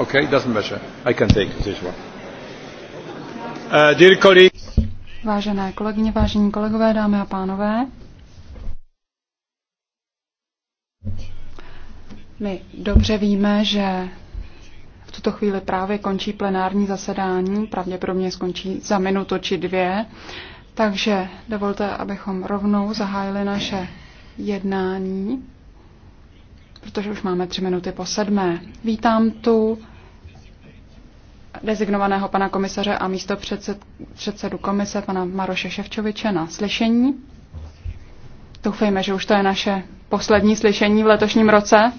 Uh, Vážené kolegyně, vážení kolegové, dámy a pánové. My dobře víme, že v tuto chvíli právě končí plenární zasedání, pravděpodobně skončí za minutu či dvě, takže dovolte, abychom rovnou zahájili naše jednání protože už máme tři minuty po sedmé. Vítám tu designovaného pana komisaře a místo předsed, předsedu komise pana Maroše Ševčoviče na slyšení. Doufejme, že už to je naše poslední slyšení v letošním roce.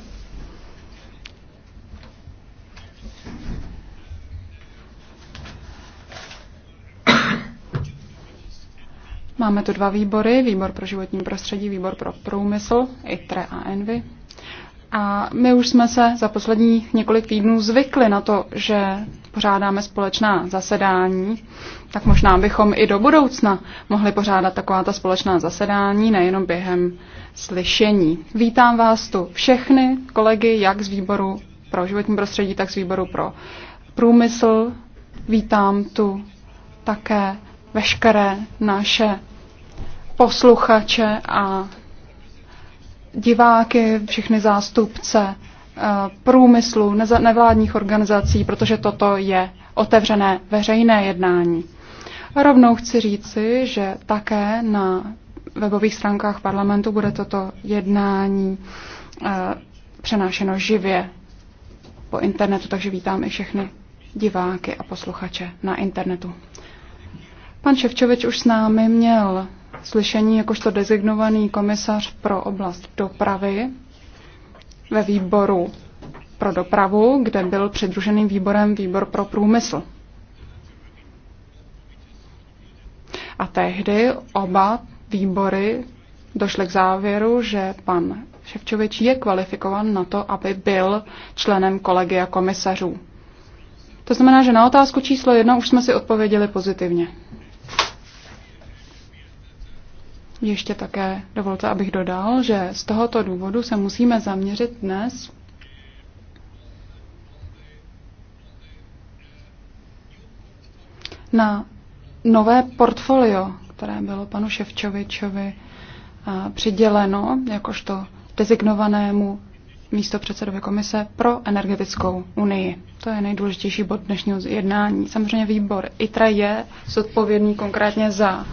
Máme tu dva výbory, výbor pro životní prostředí, výbor pro průmysl, ITRE a ENVY. A my už jsme se za poslední několik týdnů zvykli na to, že pořádáme společná zasedání, tak možná bychom i do budoucna mohli pořádat taková ta společná zasedání, nejenom během slyšení. Vítám vás tu všechny kolegy, jak z výboru pro životní prostředí, tak z výboru pro průmysl. Vítám tu také veškeré naše posluchače a diváky, všechny zástupce Eh, průmyslu, nevládních organizací, protože toto je otevřené veřejné jednání. A rovnou chci říci, že také na webových stránkách parlamentu bude toto jednání eh, přenášeno živě po internetu, takže vítám i všechny diváky a posluchače na internetu. Pan Ševčovič už s námi měl slyšení jakožto designovaný komisař pro oblast dopravy ve výboru pro dopravu, kde byl přidruženým výborem výbor pro průmysl. A tehdy oba výbory došly k závěru, že pan Ševčovič je kvalifikovan na to, aby byl členem kolegia komisařů. To znamená, že na otázku číslo jedna už jsme si odpověděli pozitivně. Ještě také dovolte, abych dodal, že z tohoto důvodu se musíme zaměřit dnes na nové portfolio, které bylo panu Ševčovičovi eh, přiděleno jakožto designovanému místo předsedové komise pro energetickou unii. To je nejdůležitější bod dnešního jednání. Samozřejmě výbor ITRA je zodpovědný konkrétně za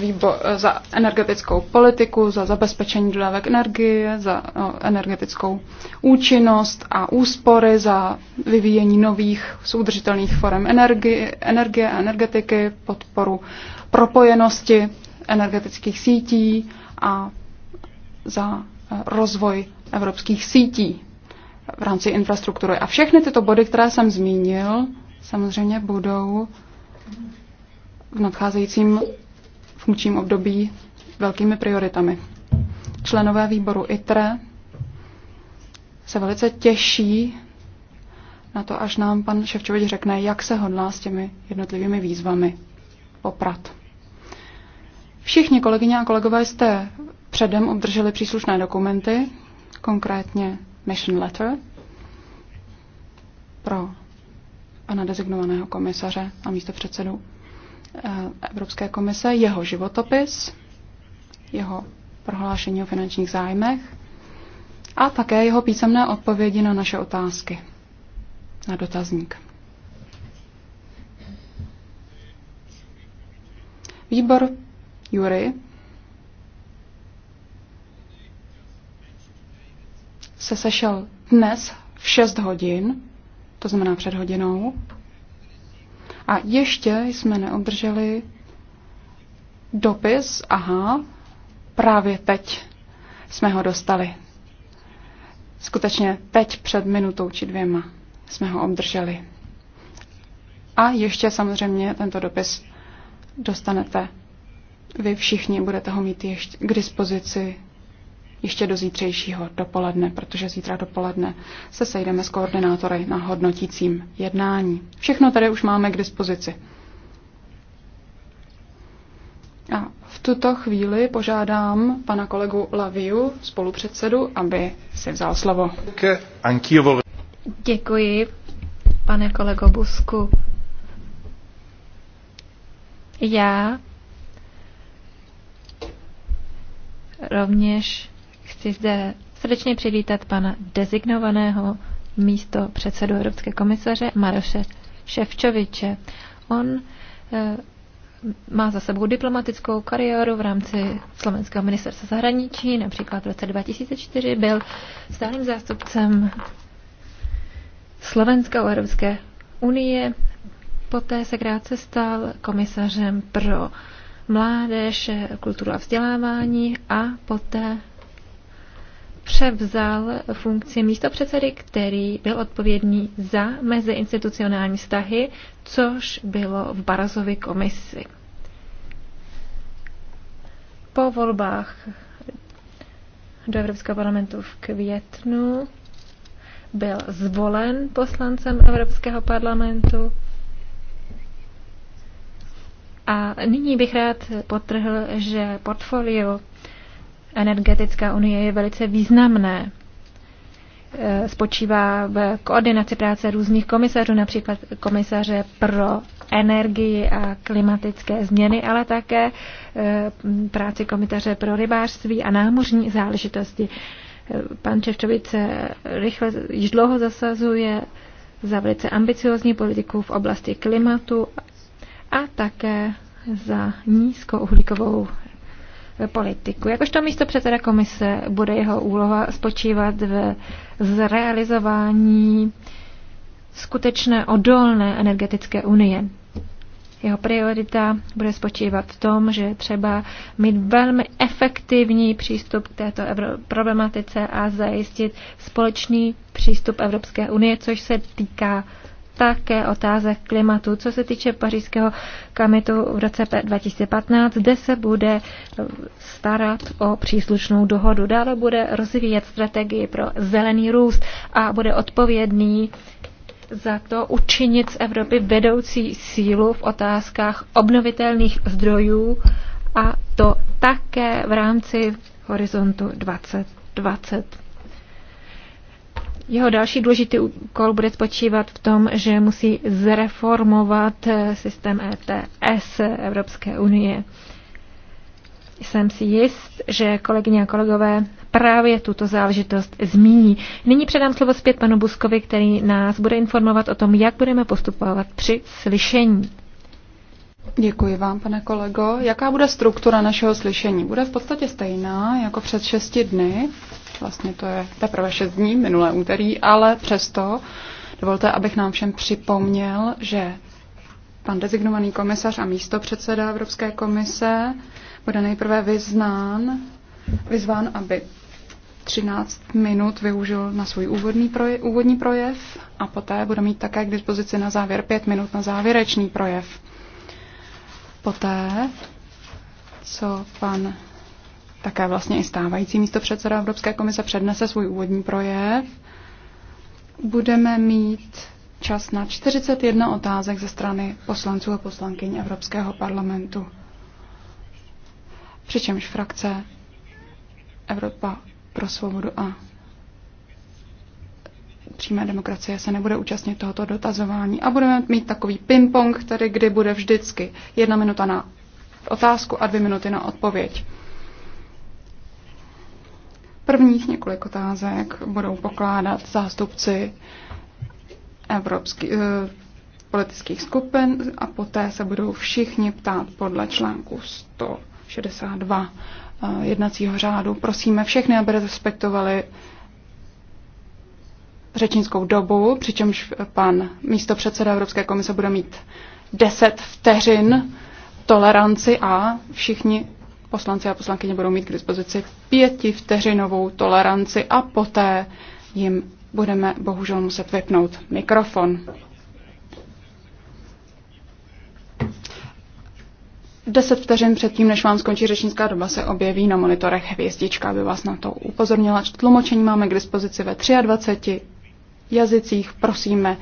výbor, za energetickou politiku, za zabezpečení dodávek energie, za energetickou účinnost a úspory, za vyvíjení nových soudržitelných forem energie, energie a energetiky, podporu propojenosti energetických sítí a za e, rozvoj evropských sítí v rámci infrastruktury. A všechny tyto body, které jsem zmínil, samozřejmě budou v nadcházejícím funkčním období velkými prioritami. Členové výboru ITRE se velice těší na to, až nám pan Ševčovič řekne, jak se hodlá s těmi jednotlivými výzvami poprat. Všichni kolegyně a kolegové jste předem obdrželi příslušné dokumenty, konkrétně Mission Letter pro pana designovaného komisaře a místo předsedu Eh, Evropské komise, jeho životopis, jeho prohlášení o finančních zájmech a také jeho písemné odpovědi na naše otázky, na dotazník. Výbor Jury se sešel dnes v 6 hodin, to znamená před hodinou, a ještě jsme neobdrželi dopis, aha, právě teď jsme ho dostali. Skutečně teď před minutou či dvěma jsme ho obdrželi. A ještě samozřejmě tento dopis dostanete vy všichni budete ho mít ještě k dispozici ještě do zítřejšího dopoledne, protože zítra dopoledne se sejdeme s koordinátory na hodnotícím jednání. Všechno tady už máme k dispozici. A v tuto chvíli požádám pana kolegu Laviu, spolupředsedu, aby si vzal slovo. Děkuji, pane kolego Busku. Já rovněž Chci zde srdečně přivítat pana dezignovaného místo předsedu Evropské komisaře Maroše Ševčoviče. On eh, má za sebou diplomatickou kariéru v rámci Slovenského ministerstva zahraničí. Například v roce 2004 byl stálým zástupcem Slovenska u Evropské unie. Poté se krátce stal komisařem pro mládež, kulturu a vzdělávání a poté převzal funkci místopředsedy, který byl odpovědný za meziinstitucionální vztahy, což bylo v Barazovi komisi. Po volbách do Evropského parlamentu v květnu byl zvolen poslancem Evropského parlamentu. A nyní bych rád potrhl, že portfolio energetická unie je velice významné. E, spočívá v koordinaci práce různých komisařů, například komisaře pro energii a klimatické změny, ale také e, práci komisaře pro rybářství a námořní záležitosti. E, pan Čevčovič rychle, již dlouho zasazuje za velice ambiciozní politiku v oblasti klimatu a také za nízkouhlíkovou politiku. Jakožto místo předseda komise bude jeho úloha spočívat v zrealizování skutečné odolné energetické unie. Jeho priorita bude spočívat v tom, že třeba mít velmi efektivní přístup k této problematice a zajistit společný přístup Evropské unie, což se týká také otázek klimatu. Co se týče pařížského kamitu v roce 2015, kde se bude eh, starat o příslušnou dohodu. Dále bude rozvíjet strategii pro zelený růst a bude odpovědný za to učinit z Evropy vedoucí sílu v otázkách obnovitelných zdrojů a to také v rámci horizontu 2020. Jeho další důležitý úkol bude spočívat v tom, že musí zreformovat eh, systém ETS Evropské unie. Jsem si jist, že kolegyně a kolegové právě tuto záležitost zmíní. Nyní předám slovo zpět panu Buskovi, který nás bude informovat o tom, jak budeme postupovat při slyšení. Děkuji vám, pane kolego. Jaká bude struktura našeho slyšení? Bude v podstatě stejná jako před šesti dny. Vlastně to je teprve 6 dní, minulé úterý, ale přesto dovolte, abych nám všem připomněl, že pan dezignovaný komisař a místo předseda Evropské komise bude nejprve vyznán, vyzván, aby 13 minut využil na svůj úvodní projev, úvodní projev a poté bude mít také k dispozici na závěr 5 minut na závěrečný projev. Poté, co pan také vlastně i stávající místo předseda Evropské komise přednese svůj úvodní projev. Budeme mít čas na 41 otázek ze strany poslanců a poslankyň Evropského parlamentu. Přičemž frakce Evropa pro svobodu a přímé demokracie se nebude účastnit tohoto dotazování a budeme mít takový ping-pong, který kdy bude vždycky jedna minuta na otázku a dvě minuty na odpověď. Prvních několik otázek budou pokládat zástupci evropský, eh, politických skupin a poté se budou všichni ptát podle článku 162 eh, jednacího řádu. Prosíme všechny, aby respektovali řečnickou dobu, přičemž pan místopředseda Evropské komise bude mít 10 vteřin toleranci a všichni poslanci a poslankyně budou mít k dispozici pětivteřinovou toleranci a poté jim budeme bohužel muset vypnout mikrofon. Deset vteřin předtím, než vám skončí řečnická doba, se objeví na monitorech hvězdička, aby vás na to upozornila. Tlumočení máme k dispozici ve 23 jazycích. Prosíme,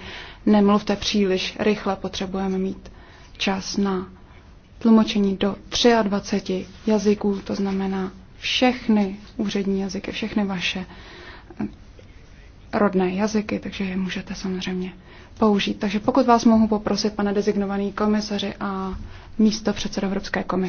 nemluvte příliš rychle, potřebujeme mít čas na tlumočení do 23 jazyků, to znamená všechny úřední jazyky, všechny vaše eh, rodné jazyky, takže je můžete samozřejmě použít. Takže pokud vás mohu poprosit, pane designovaný komisaři a místo předseda Evropské komise,